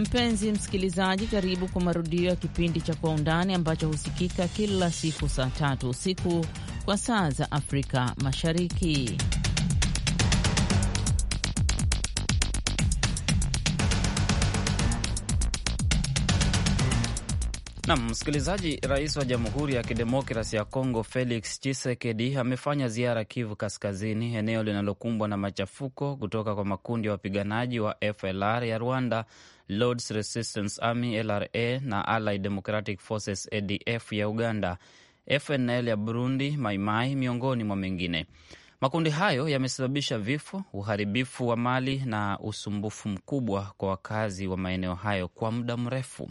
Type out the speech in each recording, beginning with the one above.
Mpenzi msikilizaji, karibu kwa marudio ya kipindi cha Kwa Undani ambacho husikika kila siku saa tatu usiku kwa saa za Afrika Mashariki. Nam msikilizaji, rais wa Jamhuri ya Kidemokrasi ya Kongo Felix Tshisekedi amefanya ziara Kivu Kaskazini, eneo linalokumbwa na machafuko kutoka kwa makundi ya wapiganaji wa FLR ya Rwanda Lords Resistance Army LRA na Allied Democratic Forces ADF ya Uganda, FNL ya Burundi, Maimai miongoni mwa mengine. Makundi hayo yamesababisha vifo, uharibifu wa mali na usumbufu mkubwa kwa wakazi wa maeneo hayo kwa muda mrefu.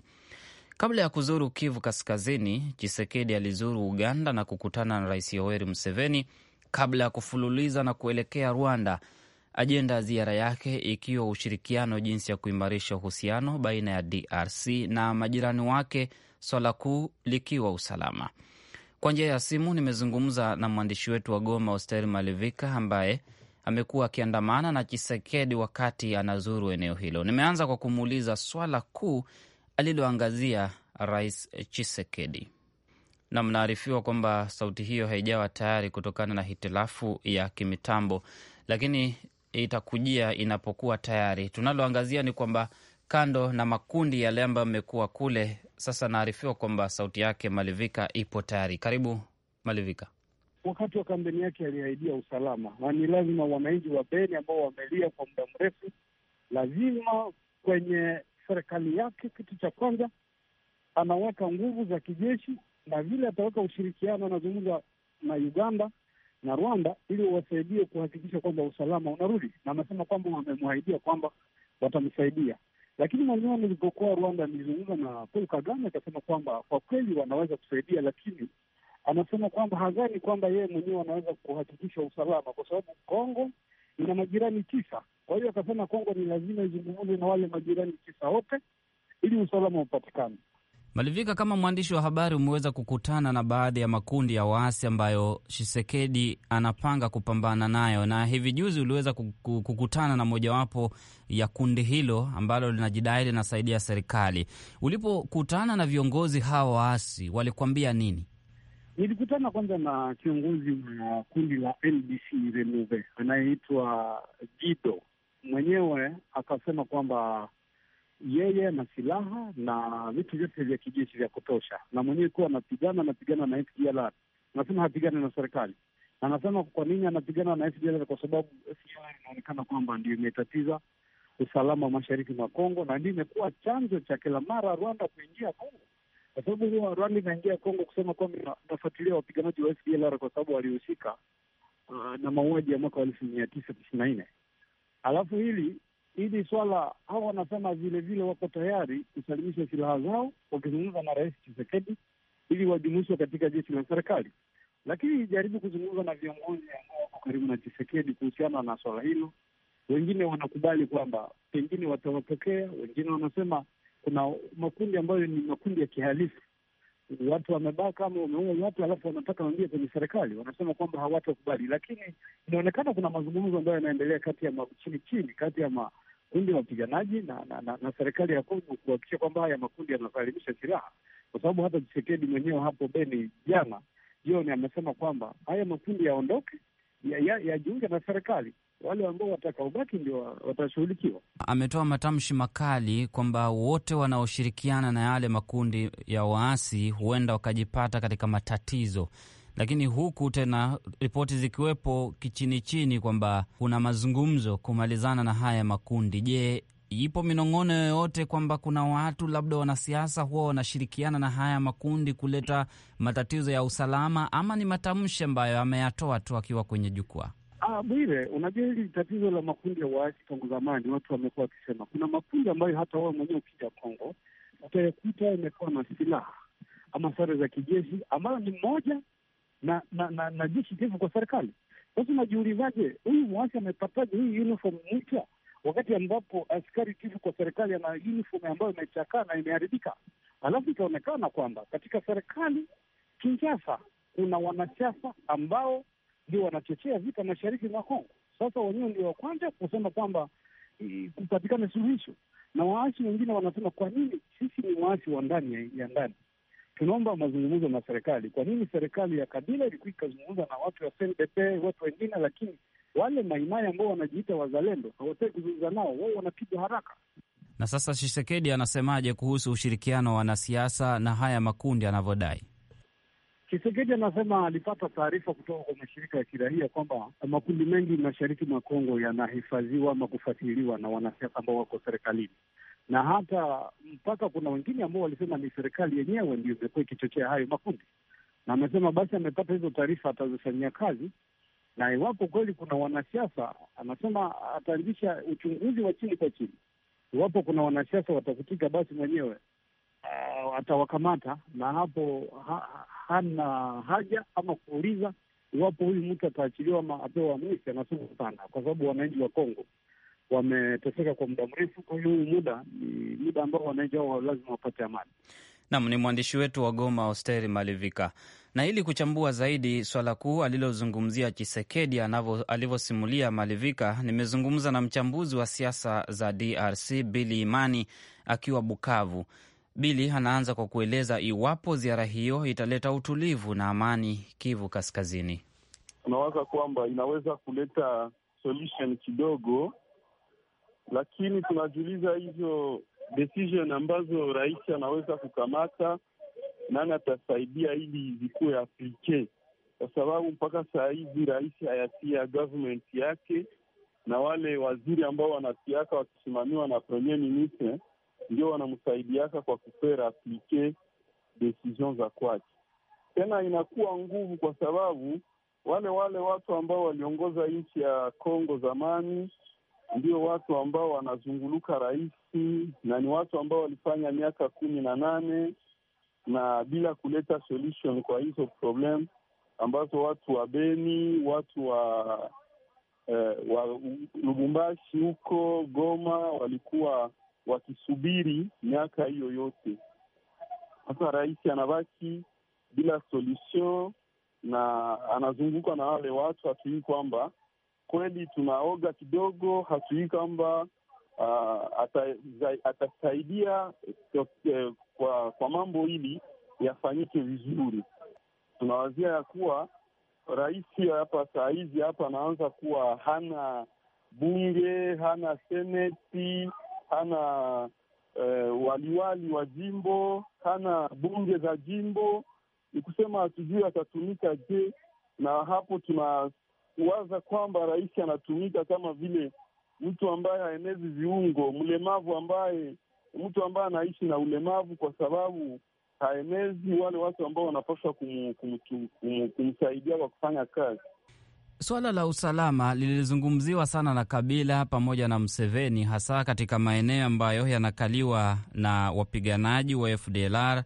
Kabla ya kuzuru Kivu Kaskazini, Chisekedi alizuru Uganda na kukutana na Rais Yoweri Museveni kabla ya kufululiza na kuelekea Rwanda ajenda ya ziara yake ikiwa ushirikiano, jinsi ya kuimarisha uhusiano baina ya DRC na majirani wake, swala kuu likiwa usalama. Kwa njia ya simu nimezungumza na mwandishi wetu wa Goma, Oster Malivika, ambaye amekuwa akiandamana na Chisekedi wakati anazuru eneo hilo. Nimeanza kwa kumuuliza swala kuu aliloangazia Rais Chisekedi na mnaarifiwa kwamba sauti hiyo haijawa tayari kutokana na hitilafu ya kimitambo, lakini itakujia inapokuwa tayari. Tunaloangazia ni kwamba kando na makundi yale ambayo amekuwa kule, sasa naarifiwa kwamba sauti yake Malivika ipo tayari. Karibu Malivika. Wakati wa kampeni yake aliahidia usalama, na ni lazima wananchi wa Beni ambao wamelia kwa muda mrefu, lazima kwenye serikali yake, kitu cha kwanza anaweka nguvu za kijeshi, na vile ataweka ushirikiano, anazungumza na Uganda na Rwanda ili wasaidie kuhakikisha kwamba usalama unarudi, na amesema kwamba wamemwahidia kwamba watamsaidia. Lakini mwenyewe nilipokuwa Rwanda nilizungumza na Paul Kagame, akasema kwamba kwa kweli wanaweza kusaidia, lakini anasema kwamba hadhani kwamba yeye mwenyewe anaweza kuhakikisha usalama, kwa sababu Kongo ina majirani tisa. Kwa hiyo akasema Kongo ni lazima izungumze na wale majirani tisa wote ili usalama upatikane. Malivika, kama mwandishi wa habari, umeweza kukutana na baadhi ya makundi ya waasi ambayo Shisekedi anapanga kupambana nayo, na hivi juzi uliweza kukutana na mojawapo ya kundi hilo ambalo linajidai linasaidia serikali. Ulipokutana na viongozi hawa waasi, walikuambia nini? Nilikutana kwanza na kiongozi wa kundi la NDC Renove anayeitwa Jido mwenyewe akasema kwamba yeye ana silaha na vitu vyote vya kijeshi vya kutosha, na mwenyewe kuwa anapigana anapigana na FDLR. Anasema hapigani na serikali, anasema kwa nini anapigana na FDLR? Kwa sababu FDLR inaonekana kwamba ndio imetatiza usalama mashariki mwa Kongo na ndio imekuwa chanzo cha kila mara Rwanda kuingia Kongo, kwa sababu huwa Rwanda inaingia Kongo kusema kwamba inafuatilia wapiganaji wa FDLR kwa sababu walihusika uh, na mauaji ya mwaka wa elfu mia tisa tisini na nne. Alafu hili Hili swala hawa wanasema vilevile wako tayari kusalimisha silaha zao, wakizungumza na Rais Chisekedi ili wajumuishwe katika jeshi la serikali. Lakini jaribu kuzungumza na viongozi ambao wako karibu na chisekedi kuhusiana na swala hilo, wengine wanakubali kwamba pengine watawapokea, wengine wanasema kuna makundi ambayo ni makundi ya kihalifu, watu wamebaka ama wameua watu alafu wanataka waingie kwenye serikali, wanasema kwamba hawatakubali. Lakini inaonekana kuna mazungumzo ambayo yanaendelea kati ya chini chini, kati ya ma kundi la wapiganaji na, na, na, na serikali ya Kongo kuhakikisha kwamba haya makundi yanasalimisha silaha, kwa sababu hata Chisekedi mwenyewe hapo Beni jana jioni amesema kwamba haya makundi yaondoke yajiunge ya, ya na serikali wale ambao watakaobaki ndio watashughulikiwa. Ametoa matamshi makali kwamba wote wanaoshirikiana na yale makundi ya waasi huenda wakajipata katika matatizo lakini huku tena ripoti zikiwepo kichini chini kwamba kuna mazungumzo kumalizana na haya makundi. Je, ipo minong'ono yoyote kwamba kuna watu labda wanasiasa huwa wanashirikiana na haya makundi kuleta matatizo ya usalama, ama ni matamshi ambayo ameyatoa tu akiwa kwenye jukwaa? Ah, Bwire, unajua hili tatizo la makundi ya waasi tangu zamani watu wamekuwa wakisema, kuna makundi ambayo hata wao mwenyewe ukija Kongo utayakuta imekuwa na silaha ama sare za kijeshi ambayo ni moja na na, na, na jeshi tifu kwa serikali. Sasa unajiulizaje, huyu mwasi amepataje hii uniform mpya, wakati ambapo askari tifu kwa serikali ana uniform ambayo imechakaa na imeharibika? Alafu ikaonekana kwamba katika serikali Kinshasa kuna wanasiasa ambao ndio wanachochea vita mashariki mwa Kongo. Sasa wenyewe ndio wa kwanza kusema kwamba kupatikana suluhisho, na waasi wengine wanasema kwa nini sisi ni waasi wa ndani ya ndani tunaomba mazungumzo na serikali. Kwa nini serikali ya Kabila ilikuwa ikazungumza na watu wa CNDP, watu wengine, lakini wale maimai ambao wanajiita wazalendo hawataki kuzungumza nao, wao wanapigwa haraka. Na sasa Shisekedi anasemaje kuhusu ushirikiano wa wanasiasa na haya makundi anavyodai? chisekedi anasema alipata taarifa kutoka kwa mashirika ya kiraia kwamba makundi mengi mashariki mwa Kongo yanahifadhiwa ama kufuatiliwa na wanasiasa ambao wako serikalini na hata mpaka kuna wengine ambao walisema ni serikali yenyewe ndio imekuwa ikichochea hayo makundi, na amesema basi amepata hizo taarifa atazifanyia kazi, na iwapo kweli kuna wanasiasa, anasema ataanzisha uchunguzi wa chini kwa chini. Iwapo kuna wanasiasa watakutika, basi mwenyewe uh, atawakamata, na hapo ha, hana haja ama kuuliza iwapo huyu mtu ataachiliwa ama apewa amnisti. Anasema sana kwa sababu wananchi wa Kongo wameteseka kwa muda mrefu. Kwa hiyo huu muda ni muda ambao wananchi hao lazima wapate amani. Nam ni mwandishi wetu wa Goma, Austeri Malivika. Na ili kuchambua zaidi swala kuu alilozungumzia Chisekedi alivyosimulia Malivika, nimezungumza na mchambuzi wa siasa za DRC Bili Imani akiwa Bukavu. Bili anaanza kwa kueleza iwapo ziara hiyo italeta utulivu na amani Kivu Kaskazini. Unawaza kwamba inaweza kuleta solution kidogo lakini tunajiuliza hizo decision ambazo rais anaweza kukamata, nani atasaidia ili zikuwe aplike, kwa sababu mpaka saa hizi rais hayatia government yake, na wale waziri ambao wanatiaka wakisimamiwa na premier ministre ndio wanamsaidiaka kwa kupera aplike decision za kwake. Tena inakuwa nguvu kwa sababu wale wale watu ambao waliongoza nchi ya Kongo zamani ndio watu ambao wanazunguluka rais na ni watu ambao walifanya miaka kumi na nane na bila kuleta solution kwa hizo problem ambazo watu wa Beni, watu wa, eh, wa Lubumbashi huko Goma walikuwa wakisubiri miaka hiyo yote. Sasa rais anabaki bila solution na anazungukwa na wale watu, hatujui kwamba kweli tunaoga kidogo, hatujui kwamba uh, atasaidia eh, kwa, kwa mambo hili yafanyike vizuri. Tunawazia ya kuwa rais hapa saa hizi hapa anaanza kuwa hana bunge, hana seneti, hana uh, waliwali wa jimbo, hana bunge za jimbo. Ni kusema hatujui atatumika je, na hapo tuna kuwaza kwamba rais anatumika kama vile mtu ambaye haenezi viungo, mlemavu ambaye, mtu ambaye anaishi na ulemavu kwa sababu haenezi wale watu ambao wanapaswa kumsaidia kwa kufanya kazi. Suala la usalama lilizungumziwa sana na Kabila pamoja na Mseveni, hasa katika maeneo ambayo yanakaliwa na wapiganaji wa FDLR,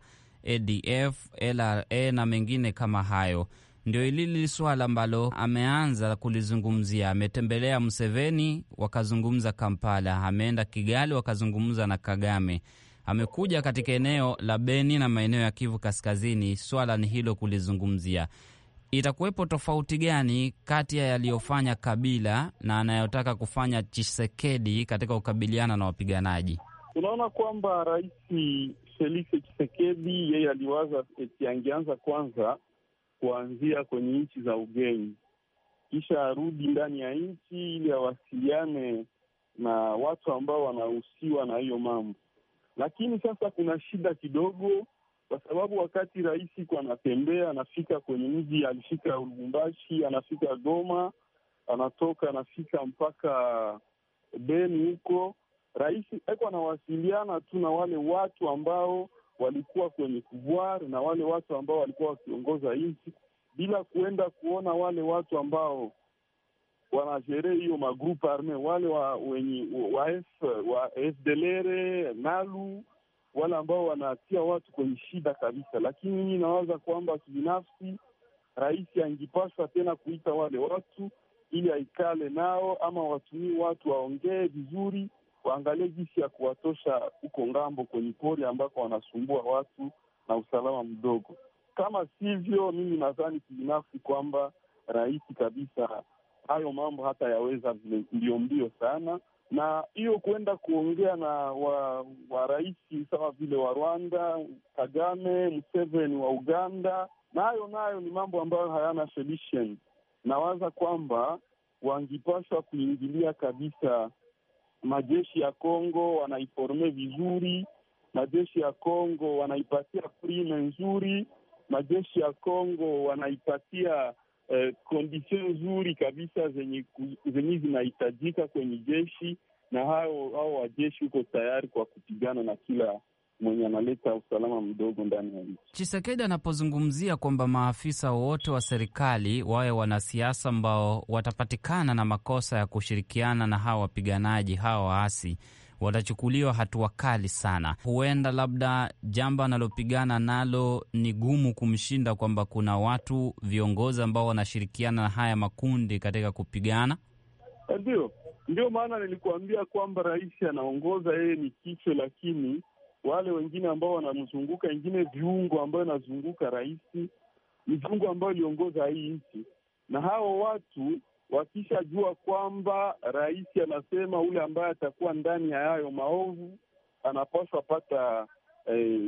ADF, LRA na mengine kama hayo ndio ilili swala ambalo ameanza kulizungumzia. Ametembelea Museveni, wakazungumza Kampala, ameenda Kigali, wakazungumza na Kagame, amekuja katika eneo la Beni na maeneo ya Kivu Kaskazini, swala ni hilo kulizungumzia. Itakuwepo tofauti gani kati ya yaliyofanya Kabila na anayotaka kufanya Chisekedi katika kukabiliana na wapiganaji? Tunaona kwamba Rais Felix Chisekedi yeye aliwaza eti eh, angeanza kwanza kuanzia kwenye nchi za ugeni, kisha arudi ndani ya nchi ili awasiliane na watu ambao wanahusiwa na hiyo mambo. Lakini sasa kuna shida kidogo, kwa sababu wakati rais iko anatembea, anafika kwenye mji, alifika Lubumbashi, anafika Goma, anatoka anafika mpaka Beni huko, rais eko anawasiliana tu na wale watu ambao walikuwa kwenye pouvoir na wale watu ambao walikuwa wakiongoza nchi bila kuenda kuona wale watu ambao wanashere hiyo magrupu arme wale wa wenye wa, wa FDLR nalu wale ambao wanatia watu kwenye shida kabisa. Lakini mimi nawaza kwamba kibinafsi, rais angipaswa tena kuita wale watu ili aikale nao, ama watumie watu waongee vizuri waangalie jinsi ya kuwatosha huko ngambo kwenye pori ambako wanasumbua watu na usalama mdogo. Kama sivyo, mimi nadhani kibinafsi kwamba rahisi kabisa hayo mambo hata yaweza mbio mbio sana, na hiyo kuenda kuongea na wa, wa rais sawa vile wa Rwanda, Kagame, Museveni wa Uganda, na hayo nayo ni mambo ambayo hayana solution. Nawaza kwamba wangipashwa kuingilia kabisa majeshi ya Kongo wanaiforme vizuri, majeshi ya Kongo wanaipatia prime nzuri, majeshi ya Kongo wanaipatia kondisio eh, nzuri kabisa zenye zenye zinahitajika kwenye jeshi, na hao hao wajeshi huko tayari kwa kupigana na kila mwenye analeta usalama mdogo ndani ya nchi. Chisekedi anapozungumzia kwamba maafisa wote wa serikali wawe wanasiasa ambao watapatikana na makosa ya kushirikiana na hawa wapiganaji hawa waasi watachukuliwa hatua kali sana. Huenda labda jambo analopigana nalo ni gumu kumshinda, kwamba kuna watu viongozi ambao wanashirikiana na haya makundi katika kupigana. Eh, ndio, ndio maana nilikuambia kwamba rais anaongoza yeye ni kichwa, lakini wale wengine ambao wanamzunguka, wengine viungo ambayo inazunguka rais, ni viungo ambayo iliongoza hii nchi, na hao watu wakishajua kwamba rais anasema ule ambaye atakuwa ndani ya hayo maovu anapaswa pata eh,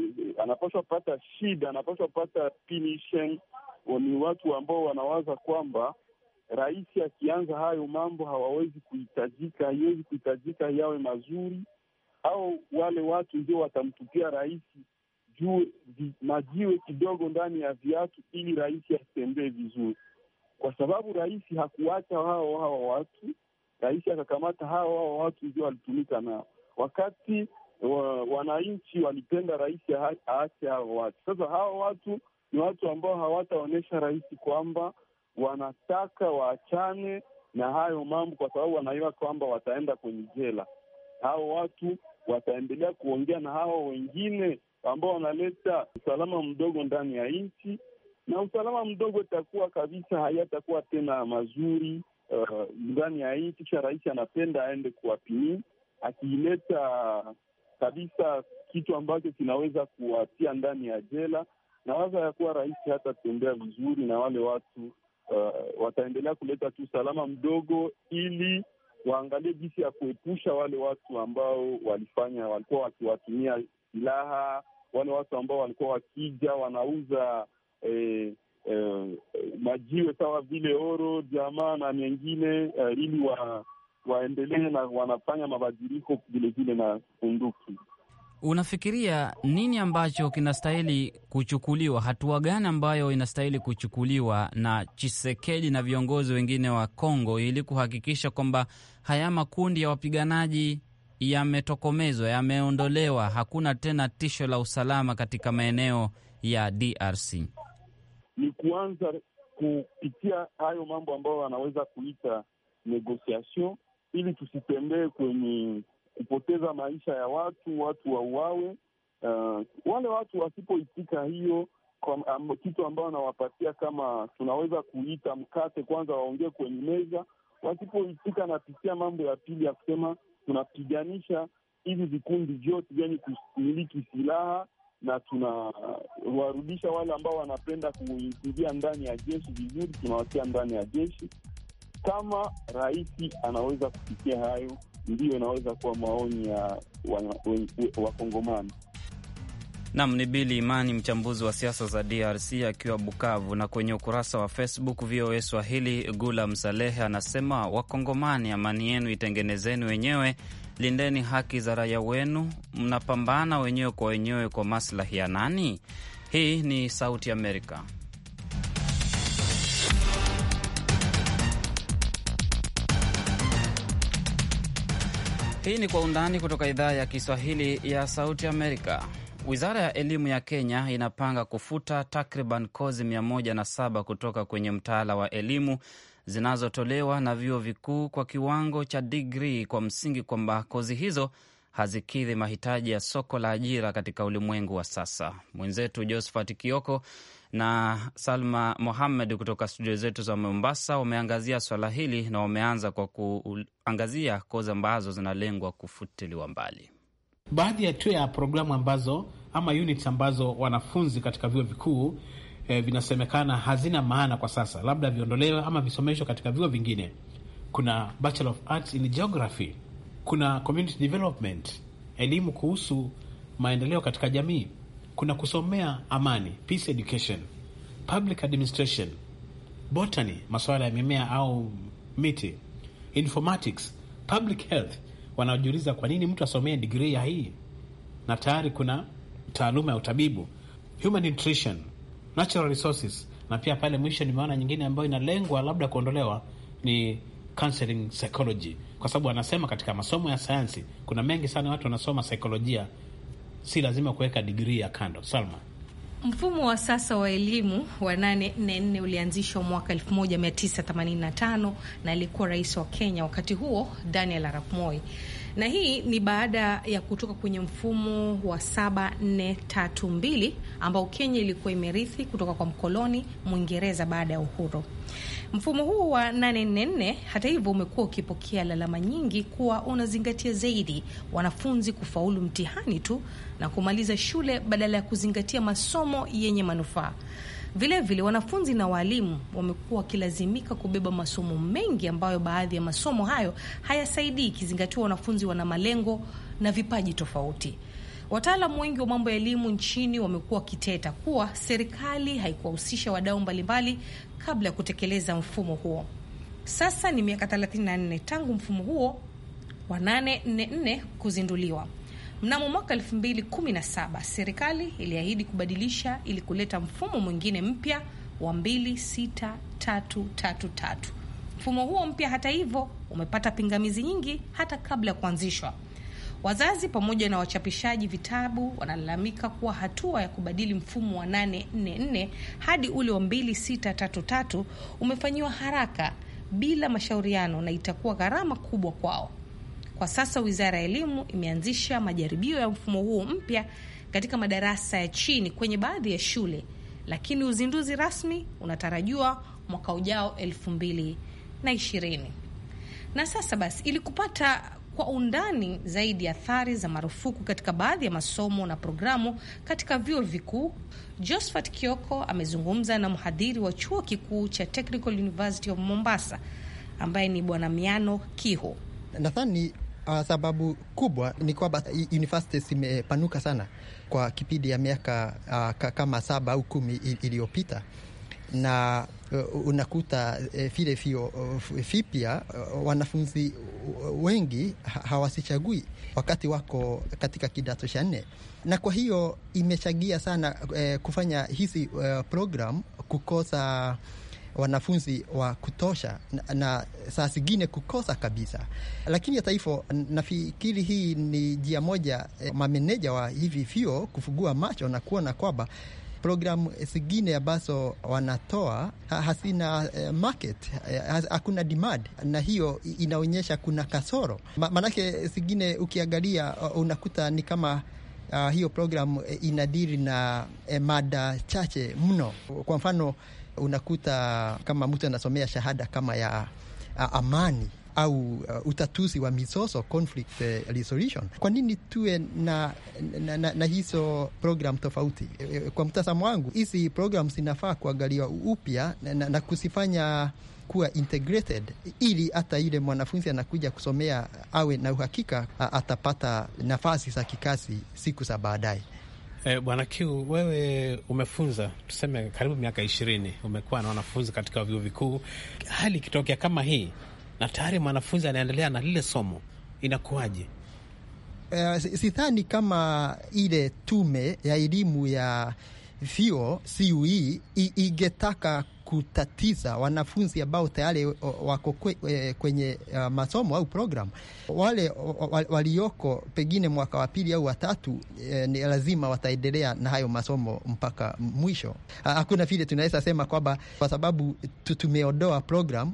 anapaswa pata shida, anapaswa pata punishment. Ni watu ambao wanawaza kwamba rais akianza hayo mambo hawawezi kuhitajika, haiwezi kuhitajika yawe mazuri, au wale watu ndio watamtupia rais juu majiwe kidogo ndani ya viatu ili rais asitembee vizuri, kwa sababu rais hakuwacha hao hao watu. Rais akakamata hao hao watu ndio walitumika nao, wakati wa, wananchi walipenda rais aache hao watu. Sasa hao watu ni watu ambao hawataonyesha rais kwamba wanataka waachane na hayo mambo, kwa sababu wanaiwa kwamba wataenda kwenye jela. Hao watu wataendelea kuongea na hawa wengine ambao wanaleta usalama mdogo ndani ya nchi, na usalama mdogo itakuwa kabisa, hayatakuwa tena mazuri uh, ndani ya nchi. Kisha rais anapenda aende kuwapini akiileta kabisa kitu ambacho kinaweza kuwatia ndani ya jela, na waza ya kuwa rais hatatembea vizuri na wale watu uh, wataendelea kuleta tu usalama mdogo ili waangalie jinsi ya kuepusha wale watu ambao walifanya walikuwa wakiwatumia silaha, wale watu ambao walikuwa wakija wanauza eh, eh, majiwe sawa vile oro jamaa na mengine eh, ili wa, waendelee na wanafanya mabadiliko vilevile na bunduki unafikiria nini ambacho kinastahili kuchukuliwa, hatua gani ambayo inastahili kuchukuliwa na Chisekedi na viongozi wengine wa Kongo ili kuhakikisha kwamba haya makundi ya wapiganaji yametokomezwa, yameondolewa, hakuna tena tisho la usalama katika maeneo ya DRC? Ni kuanza kupitia hayo mambo ambayo wanaweza kuita negosiation, ili tusitembee kwenye kupoteza maisha ya watu, watu wauawe. Uh, wale watu wasipoitika hiyo kwa, um, kitu ambayo nawapatia kama tunaweza kuita mkate, kwanza waongee kwenye meza. Wasipoitika napitia mambo ya pili ya kusema tunapiganisha hivi vikundi vyote vyenye kumiliki silaha na tunawarudisha wale ambao wanapenda kuingia ndani ya jeshi vizuri, tunawatia ndani ya jeshi kama rais anaweza kufikia hayo, ndiyo inaweza kuwa maoni ya Wakongomani. Nam ni Bili Imani, mchambuzi wa siasa za DRC akiwa Bukavu. Na kwenye ukurasa wa Facebook VOA Swahili, Gula Msalehe anasema Wakongomani, amani yenu itengenezeni wenyewe, lindeni haki za raia wenu, mnapambana wenyewe kwa wenyewe kwa maslahi ya nani? Hii ni Sauti Amerika. Hii ni Kwa Undani kutoka idhaa ya Kiswahili ya Sauti Amerika. Wizara ya elimu ya Kenya inapanga kufuta takriban kozi 107 kutoka kwenye mtaala wa elimu zinazotolewa na vyuo vikuu kwa kiwango cha digrii, kwa msingi kwamba kozi hizo hazikidhi mahitaji ya soko la ajira katika ulimwengu wa sasa. Mwenzetu Josephat Kioko na Salma Mohamed kutoka studio zetu za Mombasa wameangazia swala hili na wameanza kwa kuangazia kozi ambazo zinalengwa kufutiliwa mbali. Baadhi ya tu ya programu ambazo ama units ambazo wanafunzi katika vyuo vikuu eh, vinasemekana hazina maana kwa sasa, labda viondolewe ama visomeshwe katika vyuo vingine. Kuna Bachelor of Arts in Geography, kuna Community Development, elimu kuhusu maendeleo katika jamii kuna kusomea amani, peace education, public administration, botany, masuala ya mimea au miti, informatics, public health. Wanajiuliza kwa nini mtu asomee digrii ya hii, na tayari kuna taaluma ya utabibu, human nutrition, natural resources, na pia pale mwisho nimeona nyingine ambayo inalengwa labda kuondolewa ni counseling psychology, kwa sababu anasema katika masomo ya sayansi kuna mengi sana watu wanasoma saikolojia si lazima kuweka digrii ya kando. Salma, mfumo wa sasa wa elimu wa 844 ulianzishwa mwaka 1985 na alikuwa rais wa Kenya wakati huo Daniel Arap Moi na hii ni baada ya kutoka kwenye mfumo wa 7432 ambao Kenya ilikuwa imerithi kutoka kwa mkoloni Mwingereza baada ya uhuru. Mfumo huu wa 844 hata hivyo, umekuwa ukipokea lalama nyingi kuwa unazingatia zaidi wanafunzi kufaulu mtihani tu na kumaliza shule badala ya kuzingatia masomo yenye manufaa. Vilevile vile, wanafunzi na walimu wamekuwa wakilazimika kubeba masomo mengi ambayo baadhi ya masomo hayo hayasaidii, ikizingatiwa wanafunzi wana malengo na vipaji tofauti. Wataalamu wengi wa mambo ya elimu nchini wamekuwa wakiteta kuwa serikali haikuwahusisha wadau mbalimbali kabla ya kutekeleza mfumo huo. Sasa ni miaka 34 tangu mfumo huo wa 844 kuzinduliwa. Mnamo mwaka 2017 serikali iliahidi kubadilisha ili kuleta mfumo mwingine mpya wa 26333. Mfumo huo mpya, hata hivyo, umepata pingamizi nyingi hata kabla ya kuanzishwa. Wazazi pamoja na wachapishaji vitabu wanalalamika kuwa hatua ya kubadili mfumo wa 844 hadi ule wa 2633 umefanyiwa haraka bila mashauriano na itakuwa gharama kubwa kwao. Kwa sasa wizara ya elimu imeanzisha majaribio ya mfumo huo mpya katika madarasa ya chini kwenye baadhi ya shule, lakini uzinduzi rasmi unatarajiwa mwaka ujao elfu mbili na ishirini. Na sasa basi, ili kupata kwa undani zaidi athari za marufuku katika baadhi ya masomo na programu katika vyuo vikuu, Josephat Kioko amezungumza na mhadhiri wa chuo kikuu cha Technical University of Mombasa ambaye ni Bwana Miano Kiho. Nadhani Uh, sababu kubwa ni kwamba university zimepanuka sana kwa kipindi ya miaka uh, kama saba au kumi iliyopita na uh, unakuta eh, vile uh, vio uh, vipya uh, wanafunzi wengi hawasichagui wakati wako katika kidato cha nne, na kwa hiyo imechangia sana uh, kufanya hizi uh, program kukosa wanafunzi wa kutosha na, na saa zingine kukosa kabisa. Lakini hata hivyo, nafikiri hii ni njia moja eh, mameneja wa hivi vyuo kufugua macho na kuona kwamba programu zingine ambazo wanatoa hasina eh, market, eh, hakuna demand, na hiyo inaonyesha kuna kasoro. Maanake zingine ukiangalia uh, unakuta ni kama uh, hiyo programu eh, inadiri na eh, mada chache mno. Kwa mfano unakuta kama mtu anasomea shahada kama ya uh, amani au uh, utatuzi wa mizozo conflict uh, resolution. Kwa nini tuwe na, na, na, na hizo program tofauti? E, e, kwa mtazamo wangu, hizi program zinafaa kuangaliwa upya na, na, na kuzifanya kuwa integrated ili hata yule mwanafunzi anakuja kusomea awe na uhakika atapata nafasi za kikazi siku za baadaye. E, Bwana Q, wewe umefunza tuseme karibu miaka ishirini, umekuwa na wanafunzi katika vyuo vikuu. Hali ikitokea kama hii na tayari mwanafunzi anaendelea na lile somo, inakuwaje? Uh, eh, sidhani kama ile tume ya elimu ya vyuo CUE ingetaka kutatiza wanafunzi ambao tayari eh, wako eh, kwenye uh, masomo au programu. Wale walioko pengine mwaka wa pili au watatu, eh, ni lazima wataendelea na hayo masomo mpaka mwisho. Hakuna vile tunaweza sema kwamba kwa sababu tumeondoa programu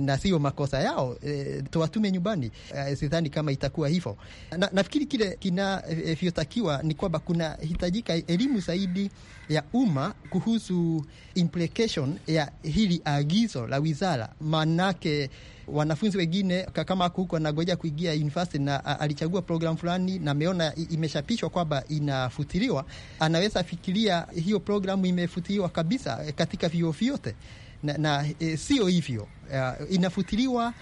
na sio makosa yao e, tuwatume nyumbani e, sidhani kama itakuwa hivyo. Na, nafikiri kile kinavyotakiwa e, ni kwamba kuna hitajika elimu zaidi ya umma kuhusu implication ya hili agizo la wizara, maanake wanafunzi wengine kama ako huko anagojea kuingia university na a, alichagua program fulani na ameona imeshapishwa kwamba inafutiliwa, anaweza fikiria hiyo programu imefutiliwa kabisa eh, katika vyuo vyote na, na e, sio hivyo. Uh, inafutiliwa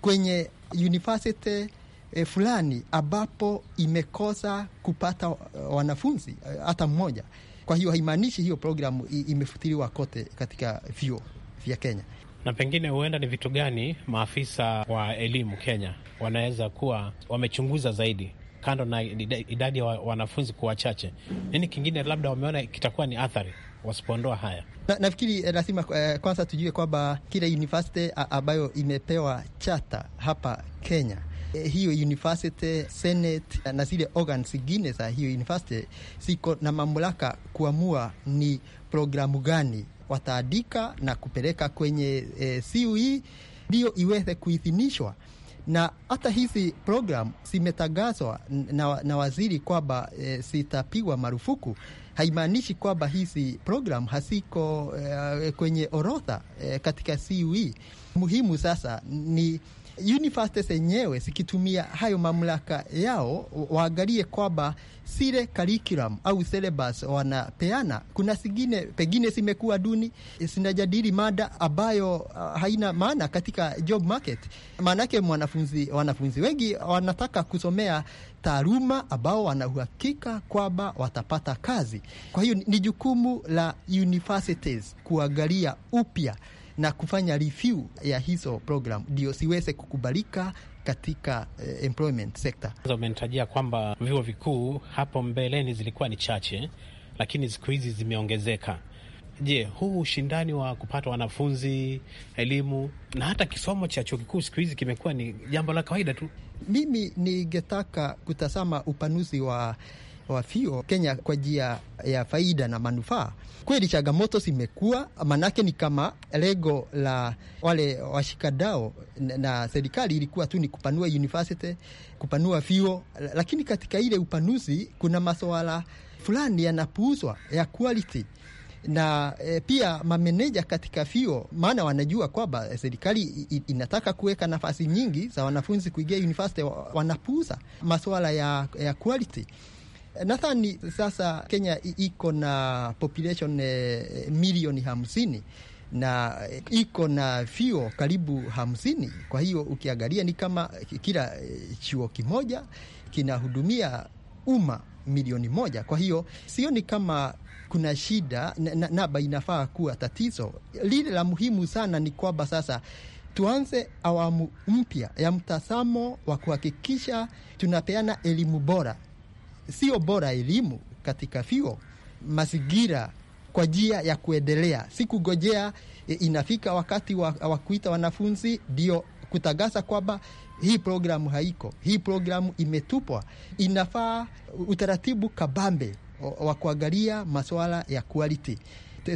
kwenye university e, fulani ambapo imekosa kupata wanafunzi hata mmoja. Kwa hiyo haimaanishi hiyo programu imefutiliwa kote katika vyuo vya Kenya. Na pengine huenda ni vitu gani maafisa wa elimu Kenya wanaweza kuwa wamechunguza zaidi, kando na idadi ya wa, wanafunzi kuwa wachache? Nini kingine labda wameona kitakuwa ni athari wasipoondoa haya? Na, nafikiri eh, lazima eh, kwanza tujue kwamba kila university ambayo imepewa chata hapa Kenya eh, hiyo university senate na zile organs zingine za hiyo university siko na mamlaka kuamua ni programu gani wataandika na kupeleka kwenye eh, CUE ndio iweze kuidhinishwa na hata hizi programu zimetangazwa na, na waziri kwamba e, eh, zitapigwa marufuku. Haimaanishi kwamba hizi programu haziko e, kwenye orodha eh, e, katika CUE. Muhimu sasa ni Unifaste zenyewe zikitumia hayo mamlaka yao, waangalie kwamba sile curriculum au syllabus wanapeana, kuna zingine pengine zimekuwa duni, zinajadili mada ambayo uh, haina maana katika job market. Maanake mwanafunzi, wanafunzi wengi wanataka kusomea taaluma ambao wanauhakika kwamba watapata kazi. Kwa hiyo ni jukumu la universities kuangalia upya na kufanya review ya hizo program ndio siweze kukubalika katika uh, employment sector. Umenitajia kwamba vyuo vikuu hapo mbeleni zilikuwa ni chache, lakini siku hizi zimeongezeka. Je, huu ushindani wa kupata wanafunzi elimu na hata kisomo cha chuo kikuu siku hizi kimekuwa ni jambo la kawaida tu? Mimi ningetaka kutazama upanuzi wa wafio Kenya kwa njia ya faida na manufaa. Kweli changamoto zimekuwa, maanake ni kama lengo la wale washikadao na serikali ilikuwa tu ni kupanua university, kupanua vio, lakini katika ile upanuzi kuna masuala fulani yanapuuzwa ya quality na e, pia mameneja katika vio, maana wanajua kwamba serikali inataka kuweka nafasi nyingi za wanafunzi kuingia university, wanapuuza masuala ya, ya quality Nadhani sasa Kenya iko na population e, milioni hamsini na eh, iko na vyuo karibu hamsini. Kwa hiyo ukiangalia ni kama kila eh, chuo kimoja kinahudumia umma milioni moja. Kwa hiyo sioni kama kuna shida na, naba inafaa kuwa tatizo. Lile la muhimu sana ni kwamba sasa tuanze awamu mpya ya mtazamo wa kuhakikisha tunapeana elimu bora sio bora elimu katika vyuo, mazingira kwa njia ya kuendelea, si e, inafika wakati wa, wa kuita wanafunzi ndio kutangaza kwamba hii programu haiko, hii programu imetupwa. Inafaa utaratibu kabambe wa kuangalia masuala ya quality.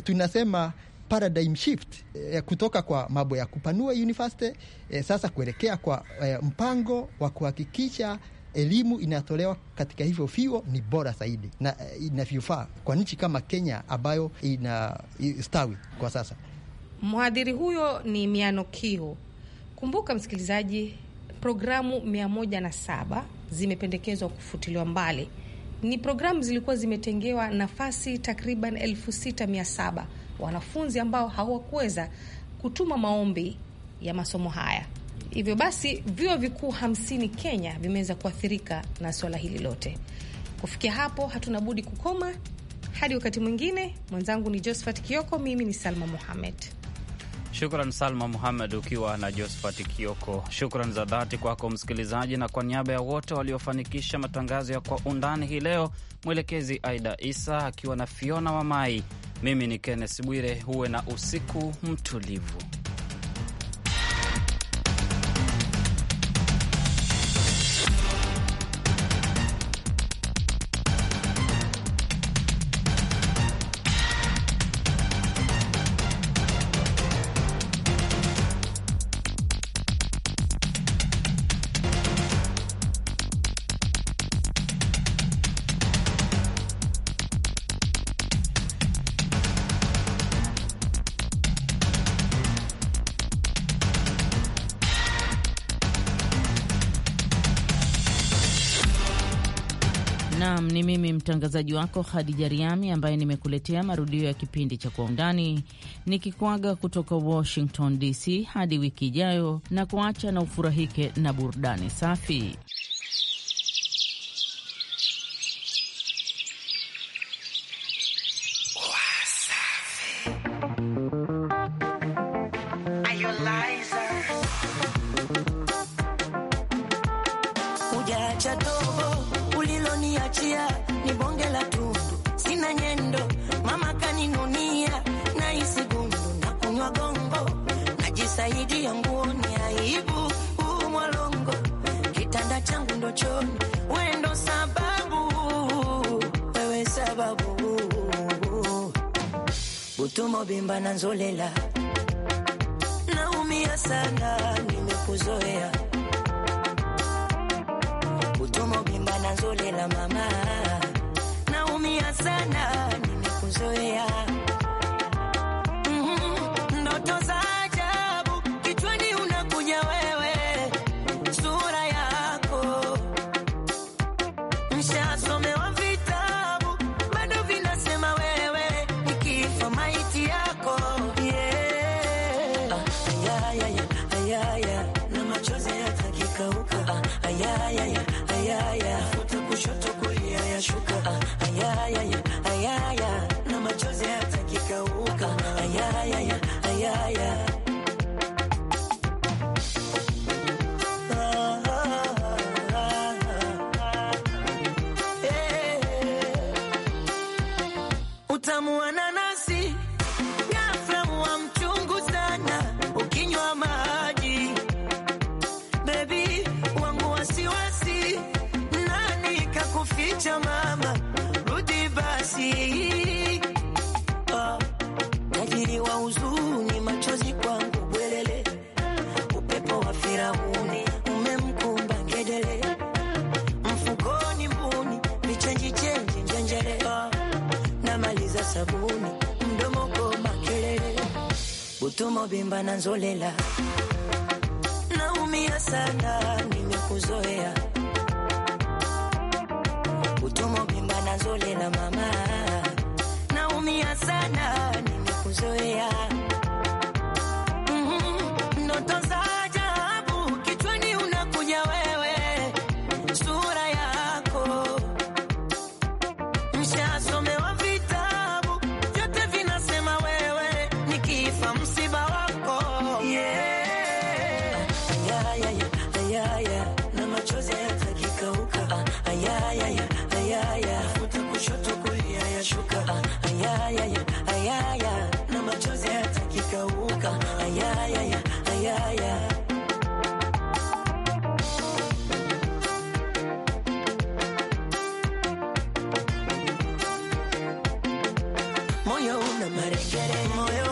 Tunasema paradigm shift e, kutoka kwa mambo ya kupanua university e, sasa kuelekea kwa e, mpango wa kuhakikisha elimu inayotolewa katika hivyo vyuo ni bora zaidi na eh, inavyofaa kwa nchi kama Kenya ambayo inastawi kwa sasa. Mhadhiri huyo ni Miano Kio. Kumbuka msikilizaji, programu 107 zimependekezwa kufutiliwa mbali. Ni programu zilikuwa zimetengewa nafasi takriban 6700 wanafunzi ambao hawakuweza kutuma maombi ya masomo haya. Hivyo basi vyuo vikuu hamsini Kenya vimeweza kuathirika na swala hili lote. Kufikia hapo, hatuna budi kukoma hadi wakati mwingine. Mwenzangu ni Josephat Kioko, mimi ni Salma muhamed Shukran Salma Muhamed ukiwa na Josphat Kioko. Shukran za dhati kwako msikilizaji, na kwa niaba ya wote waliofanikisha matangazo ya Kwa Undani hii leo, mwelekezi Aida Isa akiwa na Fiona Wamai, mimi ni Kenneth Bwire. Huwe na usiku mtulivu. Ni mimi mtangazaji wako Khadija Riami ambaye nimekuletea marudio ya kipindi cha Kwa Undani nikikwaga kutoka Washington DC hadi wiki ijayo, na kuacha na ufurahike na burudani safi. mtuma bimba na nzolela, naumia sana, nimekuzoea mtuma bimba na nzolela, mama naumia sana, nimekuzoea Ayaya, ayaya, kushoto kulia, yashuka Nzolela, naumia sana, nimekuzoea utomo mimba. Nzolela mama, naumia sana, nimekuzoea mm -hmm. queremos yo